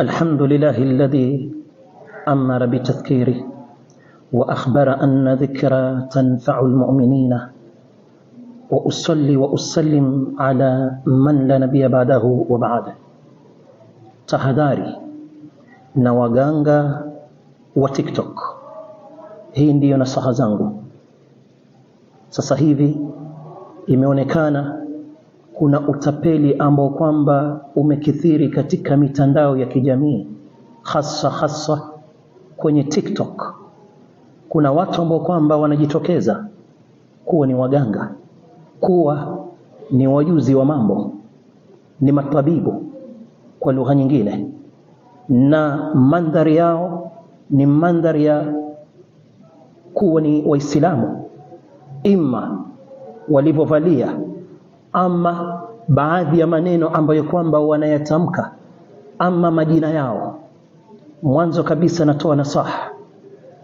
الحمد لله الذي أمر بتذكيره وأخبر أن ذكرى تنفع المؤمنين وأصلي وأسلم على من لا نبي بعده وبعده tahadhari نواغانغا وتيك توك هي Hii ndiyo nasaha zangu. Sasa hivi imeonekana kuna utapeli ambao kwamba umekithiri katika mitandao ya kijamii hasa hasa kwenye TikTok. Kuna watu ambao kwamba wanajitokeza kuwa ni waganga, kuwa ni wajuzi wa mambo, ni matabibu kwa lugha nyingine, na mandhari yao ni mandhari ya kuwa ni Waislamu, ima walivyovalia ama baadhi ya maneno ambayo kwamba wanayatamka ama majina yao. Mwanzo kabisa natoa nasaha,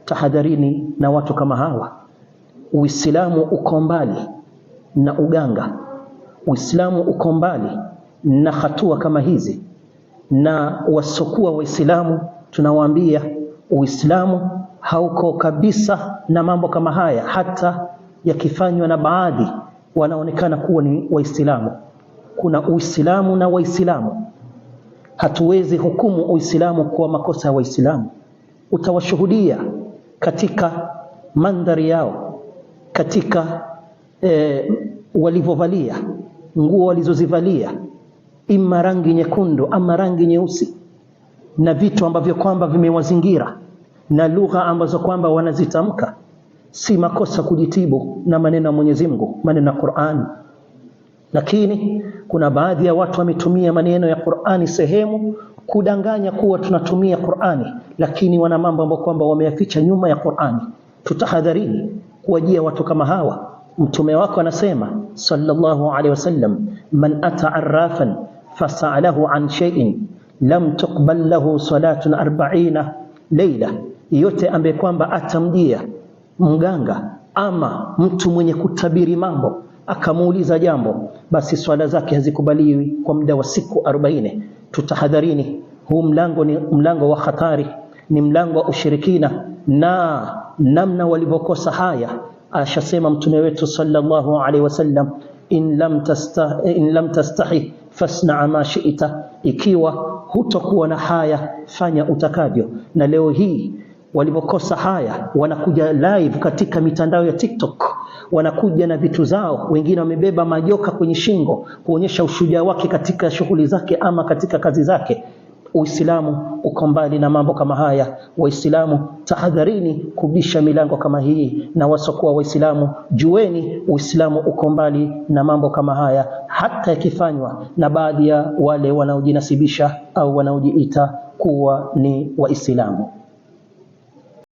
tahadharini na watu kama hawa. Uislamu uko mbali na uganga, Uislamu uko mbali na hatua kama hizi, na wasokuwa Waislamu tunawaambia Uislamu hauko kabisa na mambo kama haya, hata yakifanywa na baadhi wanaonekana kuwa ni Waislamu. Kuna Uislamu na Waislamu. Hatuwezi hukumu Uislamu kwa makosa ya Waislamu. Utawashuhudia katika mandhari yao, katika e, walivyovalia nguo walizozivalia, ima rangi nyekundu ama rangi nyeusi, na vitu ambavyo kwamba vimewazingira na lugha ambazo kwamba wanazitamka si makosa kujitibu na maneno ya Mwenyezi Mungu, maneno ya Qur'an. Lakini kuna baadhi ya watu wametumia maneno ya Qur'ani sehemu kudanganya kuwa tunatumia Qur'ani, lakini wana mambo ambayo kwamba wameyaficha nyuma ya Qur'ani. Tutahadharini kuwajia watu kama hawa. Mtume wako anasema sallallahu alaihi wasallam, man ata arrafan fasalahu an shay'in lam tuqbal lahu salatun arba'ina layla, yote ambaye kwamba atamjia mganga ama mtu mwenye kutabiri mambo akamuuliza jambo, basi swala zake hazikubaliwi kwa muda wa siku 40. Tutahadharini, huu mlango ni mlango wa hatari, ni mlango wa ushirikina na namna walivyokosa haya. Ashasema mtume wetu sallallahu alaihi wasallam, in lam tasta in lam tastahi fasnaa ma shi'ta, ikiwa hutokuwa na haya fanya utakavyo. Na leo hii walipokosa haya, wanakuja live katika mitandao ya TikTok, wanakuja na vitu zao, wengine wamebeba majoka kwenye shingo kuonyesha ushujaa wake katika shughuli zake ama katika kazi zake. Uislamu uko mbali na mambo kama haya. Waislamu tahadharini kubisha milango kama hii, na wasokuwa Waislamu jueni, Uislamu uko mbali na mambo kama haya, hata yakifanywa na baadhi ya wale wanaojinasibisha au wanaojiita kuwa ni Waislamu.